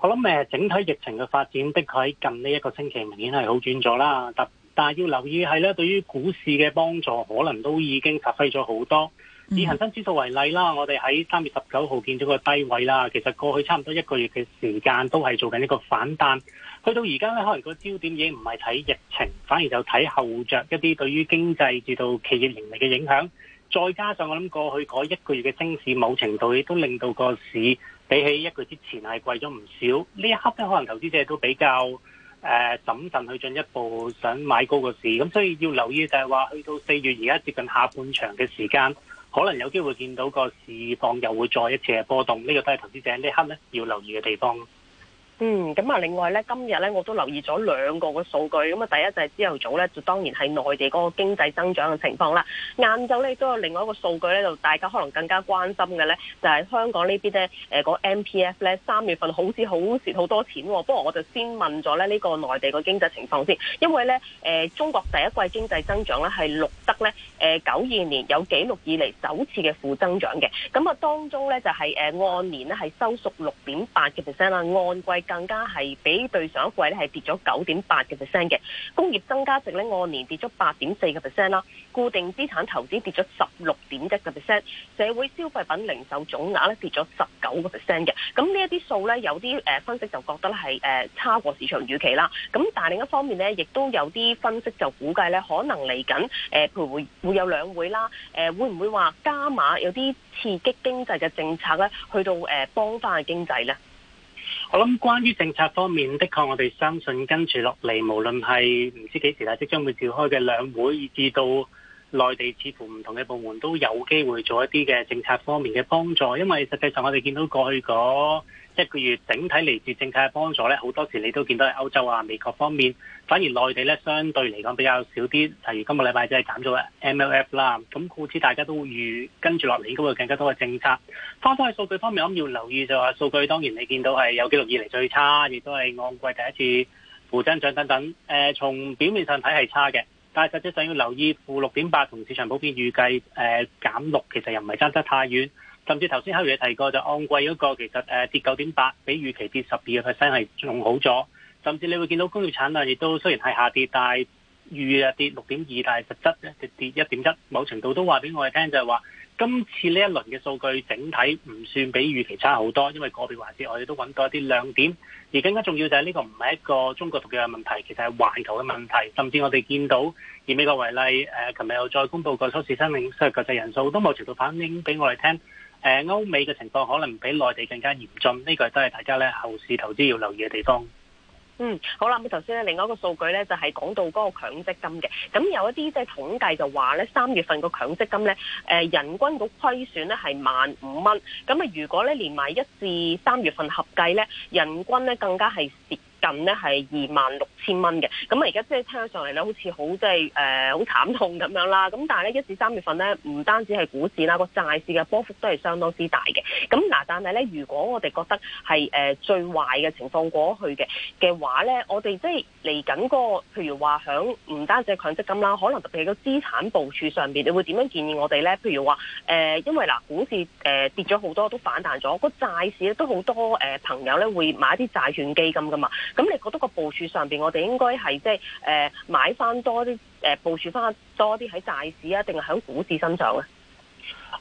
我諗誒，整體疫情嘅發展的確喺近呢一個星期明顯係好轉咗啦。但但係要留意係咧，對於股市嘅幫助可能都已經發揮咗好多。以恒生指數為例啦，我哋喺三月十九號見咗個低位啦。其實過去差唔多一個月嘅時間都係做緊一個反彈。去到而家咧，可能個焦點已經唔係睇疫情，反而就睇後着一啲對於經濟至到企業盈利嘅影響。再加上我諗過去嗰一個月嘅升市，某程度亦都令到個市。比起一個月之前係貴咗唔少，呢一刻咧可能投資者都比較誒審慎去進一步想買高個市，咁所以要留意就係話，去到四月而家接近下半場嘅時間，可能有機會見到個市況又會再一次嘅波動，呢、這個都係投資者這一刻呢刻咧要留意嘅地方。嗯，咁啊，另外咧，今日咧，我都留意咗兩個個數據，咁啊，第一就係朝頭早咧，就當然係內地嗰個經濟增長嘅情況啦。晏晝咧，都有另外一個數據咧，就大家可能更加關心嘅咧，就係香港呢邊咧，誒，個 M P F 咧，三月份好似好蝕好多錢啊。不過我就先問咗咧呢個內地個經濟情況先，因為咧，誒，中國第一季經濟增長咧係錄得咧，誒，九二年有紀錄以嚟首次嘅負增長嘅。咁啊，當中咧就係誒按年咧係收縮六點八嘅 percent 啦，按季。更加係比對上一季咧，係跌咗九點八嘅 percent 嘅工業增加值咧，按年跌咗八點四嘅 percent 啦，固定資產投資跌咗十六點一個 percent，社會消費品零售總額咧跌咗十九個 percent 嘅。咁呢一啲數咧，有啲誒分析就覺得係誒差過市場預期啦。咁但係另一方面咧，亦都有啲分析就估計咧，可能嚟緊誒譬如會會有兩會啦，誒、呃、會唔會話加碼有啲刺激經濟嘅政策咧，去到誒幫翻嘅經濟咧？我諗關於政策方面，的確我哋相信跟住落嚟，無論係唔知幾時啦，即將會召開嘅兩會，以至到內地似乎唔同嘅部門都有機會做一啲嘅政策方面嘅幫助，因為實際上我哋見到過去嗰。即個月整體嚟自政策嘅幫助咧，好多時你都見到係歐洲啊、美國方面，反而內地咧相對嚟講比較少啲。例如今個禮拜就係減咗 MLF 啦，咁故此大家都會預跟住落嚟應該會更加多嘅政策。返返去數據方面，我諗要留意就係數據，當然你見到係有記錄以嚟最差，亦都係按季第一次負增長等等。誒、呃，從表面上睇係差嘅，但係實際上要留意負六點八同市場普遍預計誒、呃、減六，其實又唔係爭得太遠。甚至頭先 Harry 有提過，就按季嗰個其實誒跌九點八，比預期跌十二個 percent 係仲好咗。甚至你會見到工業產量亦都雖然係下跌，但係預啊跌六點二，但係實質咧就跌一點一。某程度都話俾我哋聽就係話，今次呢一輪嘅數據整體唔算比預期差好多，因為個別環節我哋都揾到一啲亮點。而更加重要就係呢個唔係一個中國獨有嘅問題，其實係環球嘅問題。甚至我哋見到以美國為例，誒、呃，琴日又再公布個初試申命，收入國際人數，都某程度反映俾我哋聽。誒、呃、歐美嘅情況可能比內地更加嚴重，呢、這個都係大家咧後市投資要留意嘅地方。嗯，好啦，咁頭先咧另外一個數據咧就係、是、講到嗰個強積金嘅，咁有一啲即係統計就話咧三月份個強積金咧，誒、呃、人均嘅虧損咧係萬五蚊，咁啊如果咧連埋一至三月份合計咧，人均咧更加係蝕。近咧係二萬六千蚊嘅，咁啊而家即係聽上嚟咧，好似好即係誒好慘痛咁樣啦。咁但係咧一至三月份咧，唔單止係股市啦，個債市嘅波幅都係相當之大嘅。咁嗱，但係咧，如果我哋覺得係誒最壞嘅情況過去嘅嘅話咧，我哋即係嚟緊個譬如話響唔單止係強積金啦，可能特別係資產部署上面，你會點樣建議我哋咧？譬如話誒、呃，因為嗱股市誒跌咗好多都反彈咗，個債市咧都好多誒朋友咧會買啲債券基金噶嘛。咁你覺得個部署上邊，我哋應該係即係誒買翻多啲誒佈署翻多啲喺債市啊，定係喺股市身上咧？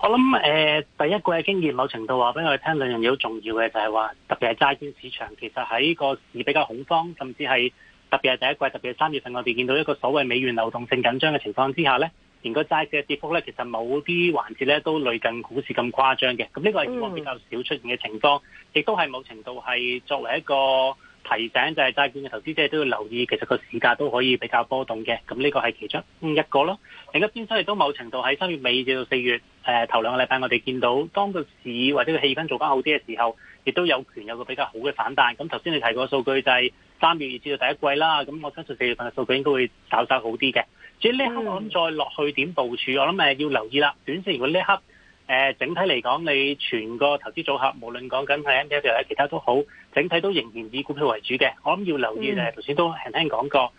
我諗誒、呃、第一季嘅經驗，某程度話俾我哋聽兩樣嘢好重要嘅，就係話特別係債券市場，其實喺個市比較恐慌，甚至係特別係第一季，特別係三月份，我哋見到一個所謂美元流動性緊張嘅情況之下咧，連個債市嘅跌幅咧，其實某啲環節咧都類近股市咁誇張嘅。咁呢個係以往比較少出現嘅情況，嗯、亦都係某程度係作為一個。提醒就係債券嘅投資者都要留意，其實個市價都可以比較波動嘅。咁呢個係其中一個咯。另一邊，所以都某程度喺三月尾至到四月，誒、呃、頭兩個禮拜我哋見到當個市或者個氣氛做翻好啲嘅時候，亦都有權有個比較好嘅反彈。咁頭先你提過數據就係三月二至到第一季啦。咁我相信四月份嘅數據應該會稍稍好啲嘅。至於呢刻、嗯、我諗再落去點部署，我諗誒要留意啦。短期如果呢刻，誒、呃、整體嚟講，你全個投資組合，無論講緊喺 MBA 其他都好，整體都仍然以股票為主嘅。我諗要留意就係頭先都輕輕講過，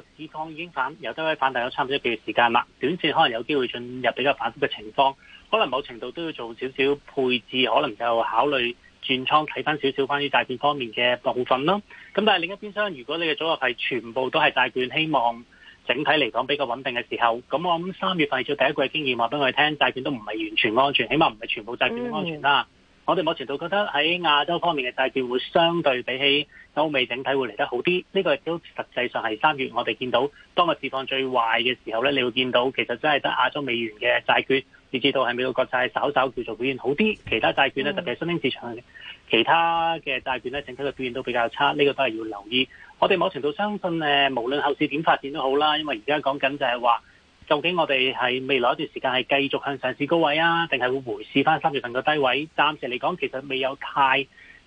個市況已經反由低位反彈咗差唔多一段時間啦，短線可能有機會進入比較反覆嘅情況，可能某程度都要做少少配置，可能就考慮轉倉睇翻少少關於債券方面嘅部分咯。咁但係另一邊廂，如果你嘅組合係全部都係債券，希望。整體嚟講比較穩定嘅時候，咁我諗三月份係做第一季嘅經驗話俾我哋聽，債券都唔係完全安全，起碼唔係全部債券都安全啦。Mm hmm. 我哋目前都覺得喺亞洲方面嘅債券會相對比起歐美整體會嚟得好啲。呢、呢個亦都實、實際上係三月我哋見到當個市況最壞嘅時候咧，你會見到其實真係得亞洲美元嘅債券。你知道係美國國債稍稍叫做表現好啲，其他債券呢，特別係新興市場其他嘅債券呢，整體嘅表現都比較差。呢個都係要留意。我哋某程度相信誒，無論後市點發展都好啦，因為而家講緊就係話，究竟我哋係未來一段時間係繼續向上市高位啊，定係會回試翻三月份嘅低位？暫時嚟講，其實未有太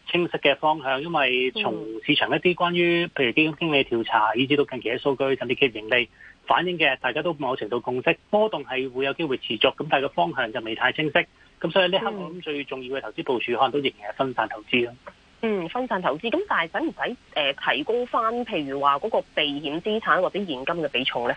清晰嘅方向，因為從市場一啲關於譬如基金經理調查，以至到近期嘅數據甚至係盈利。反映嘅，大家都某程度共識，波動係會有機會持續，咁但係個方向就未太清晰，咁所以呢一刻、嗯、我諗最重要嘅投資部署可能都仍然係分散投資咯。嗯，分散投資，咁但係使唔使誒提高翻譬如話嗰個避險資產或者現金嘅比重咧、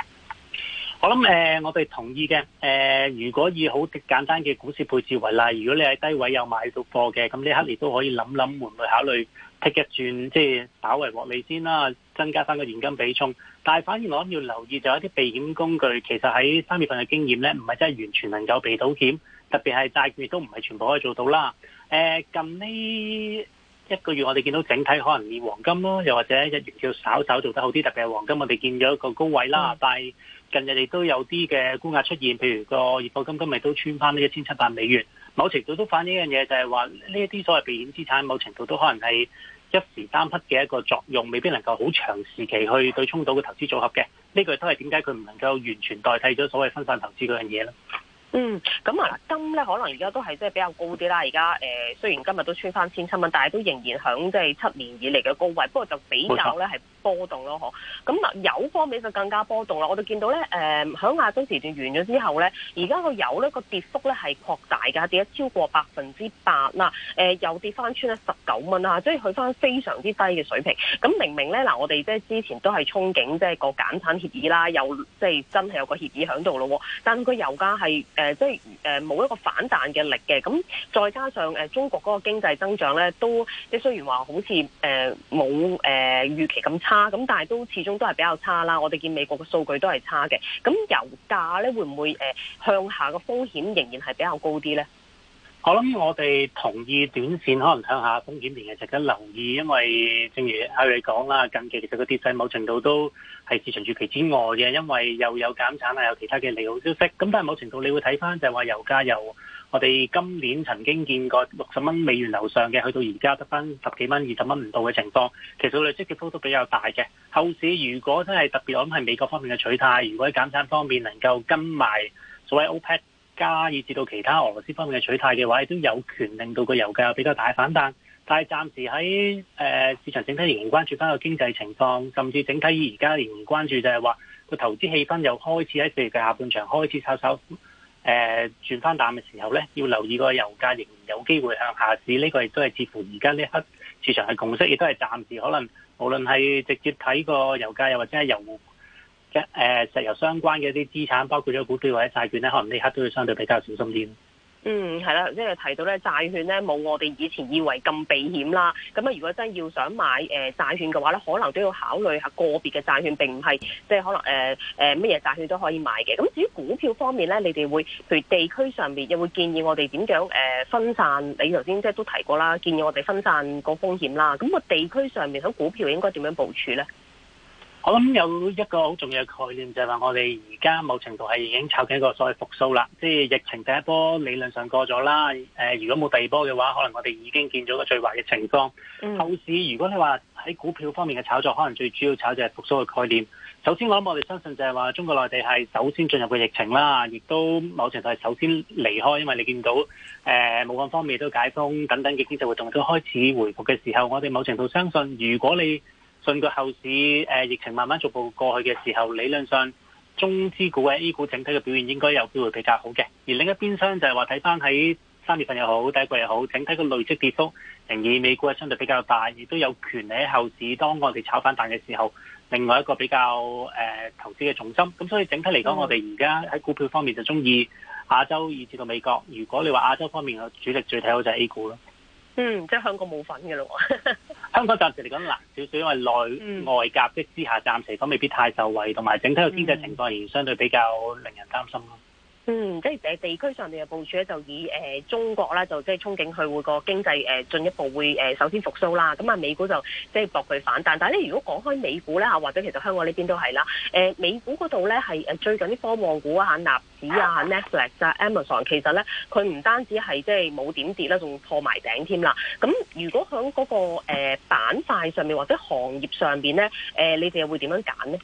呃？我諗誒，我哋同意嘅。誒、呃，如果以好簡單嘅股市配置為例，如果你喺低位有買到貨嘅，咁呢刻你都可以諗諗，會唔會考慮踢一轉，即係稍微獲利先啦。增加翻個現金比重，但係反而我諗要留意就係一啲避險工具，其實喺三月份嘅經驗咧，唔係真係完全能夠避到險，特別係債券亦都唔係全部可以做到啦。呃、近呢一個月我哋見到整體可能跌黃金咯，又或者一月叫稍稍做得好啲，特別係黃金我哋見咗一個高位啦。嗯、但係近日亦都有啲嘅沽壓出現，譬如個黃金今日都穿翻呢一千七百美元，某程度都反映一樣嘢，就係話呢一啲所謂避險資產，某程度都可能係。一時三刻嘅一個作用，未必能夠好長時期去對沖到嘅投資組合嘅，呢個都係點解佢唔能夠完全代替咗所謂分散投資嗰樣嘢呢？嗯，咁啊，金咧可能而家都係即係比較高啲啦。而家誒雖然今日都穿翻千七蚊，但係都仍然響即係七年以嚟嘅高位。不過就比較咧係波動咯，嗬冇錯。咁啊油方面就更加波動啦。我哋見到咧誒，響、呃、亞洲時段完咗之後咧，而家個油咧個跌幅咧係擴大㗎，跌咗超過百分之八啦。誒、呃、又跌翻穿咗十九蚊啦，即係去翻非常之低嘅水平。咁明明咧嗱、呃，我哋即係之前都係憧憬即係個減產協議啦，又即係真係有個協議響度咯，但佢油價係誒，即係誒冇一個反彈嘅力嘅，咁再加上誒、呃、中國嗰個經濟增長咧，都即係雖然話好似誒冇誒預期咁差，咁但係都始終都係比較差啦。我哋見美國嘅數據都係差嘅，咁油價咧會唔會誒、呃、向下嘅風險仍然係比較高啲咧？我諗我哋同意短線可能向下風險仍然值得留意，因為正如阿瑞講啦，近期其實個跌勢某程度都係市場預期之外嘅，因為又有減產又有其他嘅利好消息。咁但係某程度你會睇翻就係話油價由我哋今年曾經見過六十蚊美元樓上嘅，去到而家得翻十幾蚊、二十蚊唔到嘅情況，其實個累積跌幅都比較大嘅。後市如果真係特別我諗係美國方面嘅取態，如果喺減產方面能夠跟埋所謂 OPEC。加以至到其他俄羅斯方面嘅取態嘅話，亦都有權令到個油價比較大反彈。但係暫時喺市場整體仍然關注翻個經濟情況，甚至整體而家仍然關注就係話個投資氣氛又開始喺四月嘅下半場開始稍稍誒轉翻淡嘅時候呢，要留意個油價仍然有機會向下市。呢、呢個亦都係似乎而家呢刻市場嘅共識，亦都係暫時可能無論係直接睇個油價，又或者係油。誒，石油相關嘅啲資產，包括咗股票或者債券咧，可能呢刻都要相對比較小心啲。嗯，係啦，即係提到咧債券咧，冇我哋以前以為咁避險啦。咁啊，如果真係要想買誒債券嘅話咧，可能都要考慮下個別嘅債券，並唔係即係可能誒誒乜嘢債券都可以買嘅。咁至於股票方面咧，你哋會譬如地區上面又會建議我哋點樣誒分散？你頭先即係都提過啦，建議我哋分散個風險啦。咁個地區上面喺股票應該點樣部署咧？我諗有一個好重要嘅概念就係話，我哋而家某程度係已經炒緊一個所謂復蘇啦。即係疫情第一波理論上過咗啦，誒、呃，如果冇第二波嘅話，可能我哋已經見咗個最壞嘅情況。嗯、後市如果你話喺股票方面嘅炒作，可能最主要炒就係復蘇嘅概念。首先，我諗我哋相信就係話，中國內地係首先進入個疫情啦，亦都某程度係首先離開，因為你見到誒、呃、武漢方面都解封等等嘅經濟活動都開始回復嘅時候，我哋某程度相信，如果你進個後市，疫情慢慢逐步過去嘅時候，理論上中資股嘅 A 股整體嘅表現應該又會比較好嘅。而另一邊廂就係話睇返喺三月份又好，第一季又好，整體嘅累積跌幅仍以美股相對比較大，亦都有權喺後市當我哋炒反彈嘅時候，另外一個比較、呃、投資嘅重心。咁所以整體嚟講，嗯、我哋而家喺股票方面就中意亞洲，以至到美國。如果你話亞洲方面嘅主力最睇好就係 A 股咯。嗯，即係香港冇份嘅咯喎。 香港暫時嚟講難少少，因為內、嗯、外夾擊之下，暫時都未必太受惠，同埋整體嘅經濟情況而言相對比較令人擔心咯。嗯，即係地地區上面嘅部署咧、呃，就以中國咧，就即係憧憬佢會個經濟誒、呃、進一步會、呃、首先復甦啦。咁啊，美股就即係博佢反彈。但係咧，如果講開美股咧或者其實香港呢邊都係啦、呃。美股嗰度咧係最近啲科網股啊、納指啊、Netflix 啊、Amazon，其實咧佢唔單止係即係冇點跌啦，仲破埋頂添啦。咁如果響嗰、那個、呃、板塊上面或者行業上面咧、呃，你哋又會點樣揀呢？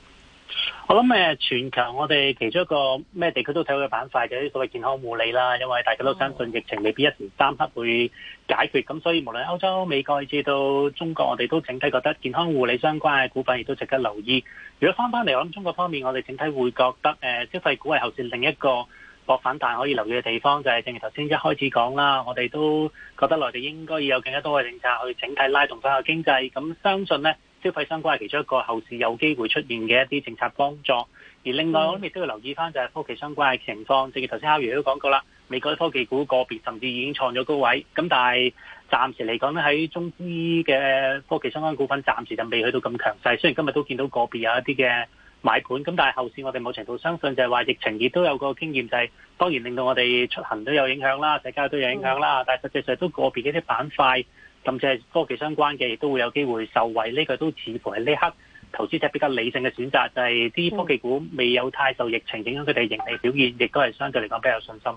我諗誒，全球我哋其中一個咩地區都睇到嘅板塊就係所謂健康護理啦，因為大家都相信疫情未必一時三刻會解決，咁所以無論歐洲、美國至到中國，我哋都整體覺得健康護理相關嘅股份亦都值得留意。如果翻翻嚟，我諗中國方面，我哋整體會覺得誒，消費股係後市另一個搏反彈可以留意嘅地方，就係正如頭先一開始講啦，我哋都覺得內地應該要有更加多嘅政策去整體拉動翻個經濟，咁相信呢。消費相關係其中一個後市有機會出現嘅一啲政策幫助，而另外我都亦都要留意返就係科技相關嘅情況。正如頭先歐陽都講過啦，美國嘅科技股個別甚至已經創咗高位，咁但係暫時嚟講咧，喺中資嘅科技相關股份暫時就未去到咁強勢。雖然今日都見到個別有一啲嘅買盤，咁但係後市我哋某程度相信就係話疫情亦都有個經驗，就係當然令到我哋出行都有影響啦，社交都有影響啦，但係實際上都個別嘅一啲板塊。咁即係科技相關嘅，亦都會有機會受惠。呢、這個都似乎係呢刻投資者比較理性嘅選擇，就係、是、啲科技股未有太受疫情影響，佢哋盈利表現亦都係相對嚟講比較有信心。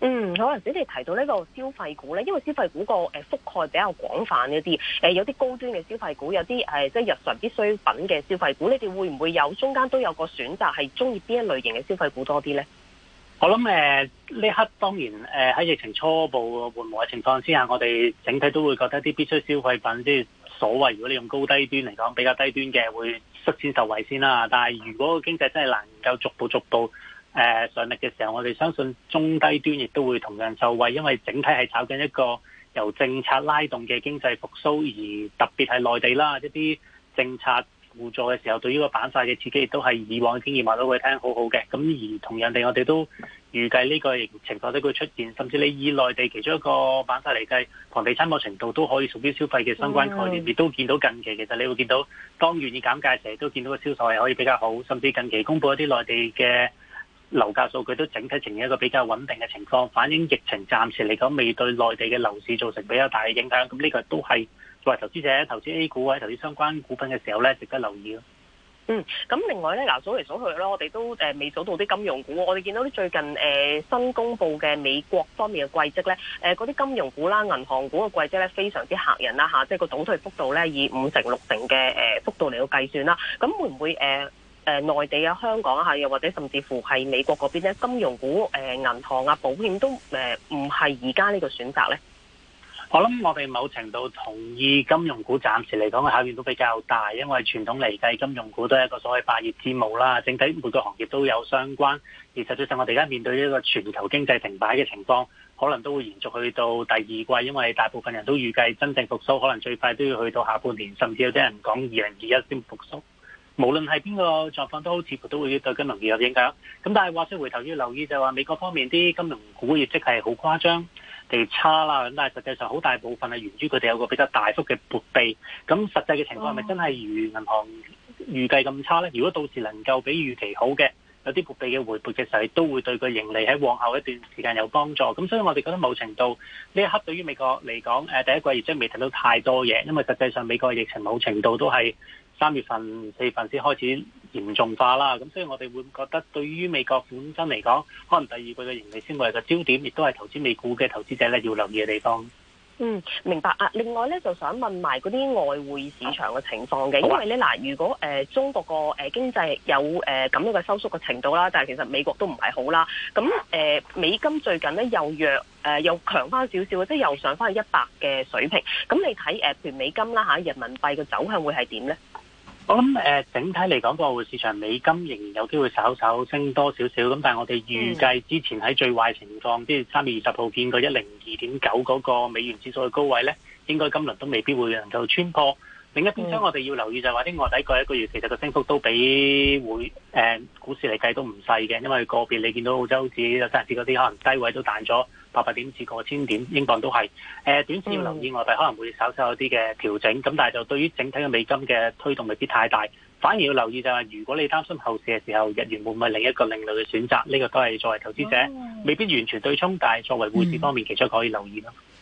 嗯，好。阿子，你提到呢個消費股咧，因為消費股個誒覆蓋比較廣泛一啲，誒有啲高端嘅消費股，有啲誒即係日常必需品嘅消費股，你哋會唔會有中間都有個選擇係鍾意邊一類型嘅消費股多啲咧？我諗誒，呢、呃、刻當然誒，喺、呃、疫情初步緩和嘅情況之下，我哋整體都會覺得啲必需消費品即係、就是、所謂，如果你用高低端嚟講，比較低端嘅會率先受惠先啦。但係如果經濟真係能夠逐步逐步誒、呃、上力嘅時候，我哋相信中低端亦都會同樣受惠，因為整體係炒緊一個由政策拉動嘅經濟復蘇，而特別係內地啦一啲政策。互助嘅時候，對呢個板塊嘅刺激亦都係以往嘅經驗話俾佢聽好好嘅，咁而同樣地我哋都預計呢個疫情況都會出現，甚至你以內地其中一個板塊嚟計，房地產某程度都可以屬於消費嘅相關概念，亦、嗯、都見到近期其實你會見到當願意減價時都見到個銷售係可以比較好，甚至近期公布一啲內地嘅樓價數據都整體呈現一個比較穩定嘅情況，反映疫情暫時嚟講未對內地嘅樓市造成比較大嘅影響，咁呢個都係。投資者投資 A 股或者投資相關股份嘅時候咧，值得留意咯。嗯，咁另外咧，嗱，數嚟數去啦，我哋都誒未、呃、數到啲金融股。我哋見到啲最近誒、呃、新公布嘅美國方面嘅季績咧，嗰、呃、啲金融股啦、銀行股嘅季績咧，非常之嚇人啦、啊、即係個倒退幅度咧以五成六成嘅、呃、幅度嚟到計算啦。咁會唔會誒誒、呃呃、內地啊、香港呀，又或者甚至乎係美國嗰邊咧，金融股誒、呃、銀行啊、保險都誒唔係而家呢個選擇咧？我諗我哋某程度同意，金融股暫時嚟講嘅考驗都比較大，因為傳統嚟計，金融股都係一個所謂百業之母啦。整體每個行業都有相關。而實際上我哋而家面對呢個全球經濟停擺嘅情況，可能都會延續去到第二季，因為大部分人都預計真正復甦可能最快都要去到下半年，甚至有啲人講二零二一先復甦。無論係邊個狀況都好，都似乎都會對金融業有影響。咁但係話說回頭要留意就係話，美國方面啲金融股業績係好誇張。地差啦，但係實際上好大部分係源自佢哋有個比較大幅嘅撥備。咁實際嘅情況係咪真係如銀行預計咁差呢？嗯、如果到時能夠比預期好嘅，有啲撥備嘅回撥嘅時候，亦都會對佢盈利喺往後一段時間有幫助。咁所以我哋覺得某程度呢一刻對於美國嚟講，誒第一季業績未睇到太多嘢，因為實際上美國疫情某程度都係三月份、四月份先開始嚴重化啦，咁所以我哋會覺得對於美國本身嚟講，可能第二季嘅盈利先會係個焦點，亦都係投資美股嘅投資者咧要留意嘅地方。嗯，明白啊。另外咧，就想問埋嗰啲外匯市場嘅情況嘅，好因為咧嗱、呃，如果誒、呃、中國個誒經濟有誒咁、呃、樣嘅收縮嘅程度啦，但係其實美國都唔係好啦。咁誒、呃、美金最近咧又弱誒、呃、又強翻少少，即係又上翻去一百嘅水平。咁你睇、呃、譬如美金啦嚇、呃，人民幣嘅走向會係點咧？我諗，誒，整體嚟講，個市場，美金仍然有機會稍稍升多少少，咁但係我哋預計之前喺最壞情況，即係三月二十號見過一零二點九嗰個美元指數嘅高位咧，應該今輪都未必會能夠穿破。另一邊廂我哋要留意就係話啲外幣過一個月，其實個升幅都比匯誒、嗯、股市嚟計都唔細嘅，因為個別你見到澳洲紙、日元紙嗰啲可能低位都彈咗八百點至過千點，英鎊都係誒、呃、短線要留意外幣可能會稍稍有啲嘅調整，咁但係就對於整體嘅美金嘅推動未必太大，反而要留意就係話如果你擔心後市嘅時候，日元會唔會另一個另類嘅選擇？呢、呢個都係作為投資者未必完全對沖，但係作為匯市方面，其實可以留意咯。嗯。